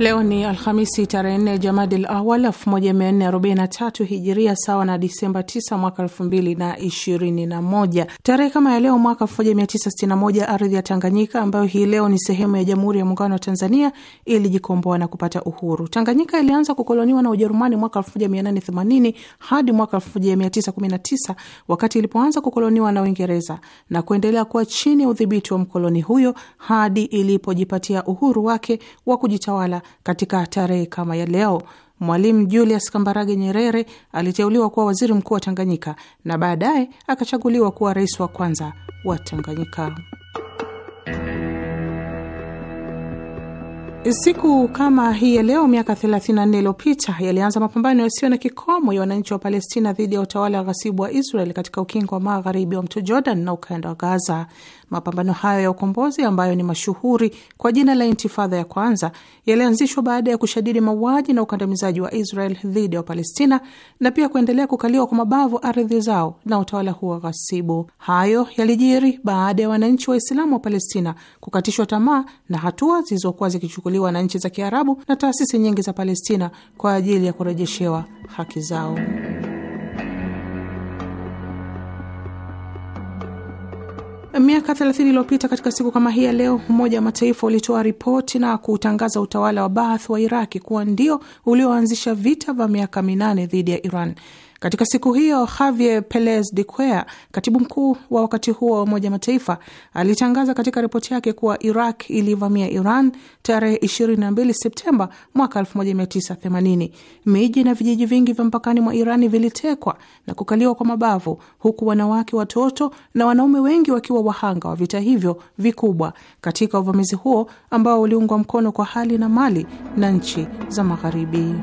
Leo ni Alhamisi tarehe 4 Jamadil Awal 1443 Hijiria, sawa na Disemba 9 mwaka 2021. Tarehe kama ya leo mwaka 1961 ardhi ya Tanganyika ambayo hii leo ni sehemu ya Jamhuri ya Muungano wa Tanzania ilijikomboa na kupata uhuru. Tanganyika ilianza kukoloniwa na Ujerumani mwaka 1880 hadi mwaka 1919 wakati ilipoanza kukoloniwa na Uingereza na kuendelea kuwa chini ya udhibiti wa mkoloni huyo hadi ilipojipatia uhuru wake wa kujitawala katika tarehe kama ya leo, Mwalimu Julius Kambarage Nyerere aliteuliwa kuwa waziri mkuu wa Tanganyika na baadaye akachaguliwa kuwa rais wa kwanza wa Tanganyika. E, siku kama hii ya leo miaka 34 iliyopita yalianza mapambano yasiyo na kikomo ya wananchi wa Palestina dhidi ya utawala wa ghasibu wa Israel katika ukingo wa magharibi wa mto Jordan na ukanda wa Gaza. Mapambano hayo ya ukombozi ambayo ni mashuhuri kwa jina la Intifadha ya kwanza yalianzishwa baada ya kushadidi mauaji na ukandamizaji wa Israel dhidi ya Palestina na pia kuendelea kukaliwa kwa mabavu ardhi zao na utawala huo ghasibu. Hayo yalijiri baada ya wananchi Waislamu wa Palestina kukatishwa tamaa na hatua zilizokuwa zikichukua kuchukuliwa na nchi za Kiarabu na taasisi nyingi za Palestina kwa ajili ya kurejeshewa haki zao. Miaka 30 iliyopita katika siku kama hii ya leo, Umoja wa Mataifa ulitoa ripoti na kuutangaza utawala wa Baath wa Iraki kuwa ndio ulioanzisha vita vya miaka minane dhidi ya Iran. Katika siku hiyo, Javier Perez de Cuellar, katibu mkuu wa wakati huo wa Umoja Mataifa, alitangaza katika ripoti yake kuwa Iraq ilivamia Iran tarehe 22 Septemba mwaka 1980. Miji na vijiji vingi vya mpakani mwa Irani vilitekwa na kukaliwa kwa mabavu, huku wanawake, watoto na wanaume wengi wakiwa wahanga wa vita hivyo vikubwa katika uvamizi huo ambao uliungwa mkono kwa hali na mali na nchi za Magharibi.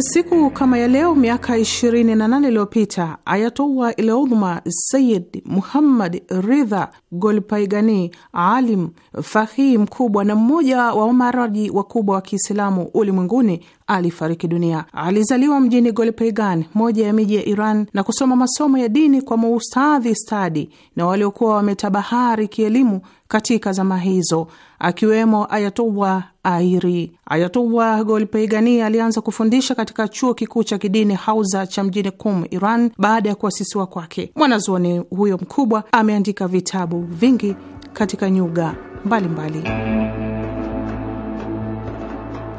Siku kama ya leo miaka 28 iliyopita Ayatollah Ilaudhuma Sayid Muhammad Ridha Golpaigani, alim fakihi mkubwa na mmoja wa wamaraji wakubwa wa Kiislamu ulimwenguni, alifariki dunia. Alizaliwa mjini Golpegan, moja ya miji ya Iran, na kusoma masomo ya dini kwa maustadhi stadi na waliokuwa wametabahari kielimu katika zama hizo, akiwemo Ayatullah Airi. Ayatullah Golpeigani alianza kufundisha katika chuo kikuu cha kidini Hauza cha mjini Kum, Iran, baada ya kuasisiwa kwake. Mwanazuoni huyo mkubwa ameandika vitabu vingi katika nyuga mbalimbali mbali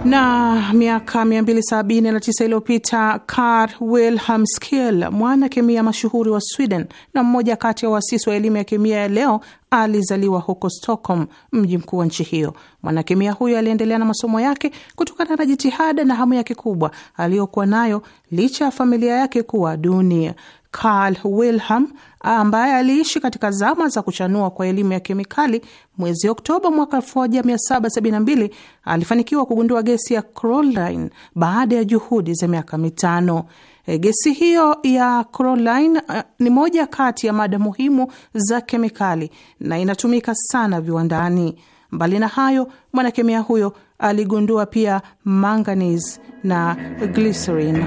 na miaka 279 iliyopita Carl Wilhelm skill mwana kemia mashuhuri wa Sweden na mmoja kati ya waasisi wa elimu ya kemia ya leo, alizaliwa huko Stockholm, mji mkuu wa nchi hiyo. Mwanakemia huyo aliendelea na masomo yake kutokana na jitihada na hamu yake kubwa aliyokuwa nayo licha ya familia yake kuwa duni. Karl Wilhelm ambaye aliishi katika zama za kuchanua kwa elimu ya kemikali, mwezi Oktoba mwaka 1772 alifanikiwa kugundua gesi ya Crinoline baada ya juhudi za miaka mitano. E, gesi hiyo ya Crinoline uh, e, ni moja kati ya mada muhimu za kemikali na inatumika sana viwandani. Mbali na hayo, mwanakemia huyo aligundua pia manganese na glycerin.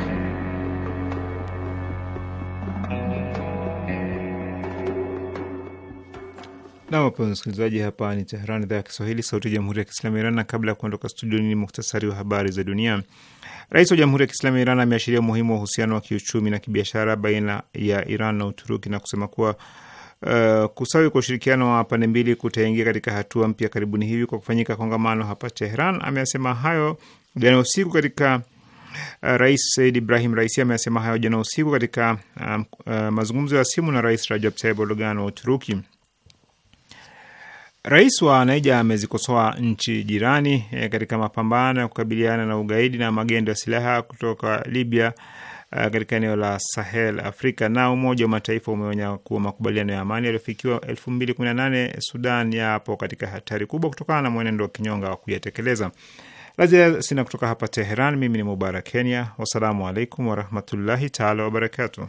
Na wapenzi wasikilizaji, hapa ni Teheran, idhaa ya Kiswahili, sauti ya jamhuri ya kiislamu ya Iran. Na kabla ya kuondoka studioni, ni muhtasari wa habari za dunia. Rais wa Jamhuri ya Kiislamu ya Iran ameashiria umuhimu wa uhusiano wa kiuchumi na kibiashara baina ya Iran na Uturuki na kusema kuwa Uh, kusawi kwa ushirikiano wa pande mbili kutaingia katika hatua mpya karibuni hivi kwa kufanyika kongamano hapa Tehran. Ameasema hayo jana usiku katika uh, Rais Said Ibrahim Raisi ameasema hayo jana usiku katika uh, uh, mazungumzo ya simu na Rais Rajab Tayyip Erdogan wa Uturuki. Rais wa Naija amezikosoa nchi jirani eh, katika mapambano ya kukabiliana na ugaidi na magendo ya silaha kutoka Libya eh, katika eneo la Sahel Afrika. Na Umoja wa Mataifa umeonya kuwa makubaliano ya amani yaliyofikiwa 2018 Sudan yapo katika hatari kubwa kutokana na mwenendo wa kinyonga wa kuyatekeleza. Lazia sina kutoka hapa Teheran. Mimi ni Mubarak Kenya, wassalamu alaikum warahmatullahi taala wabarakatuh.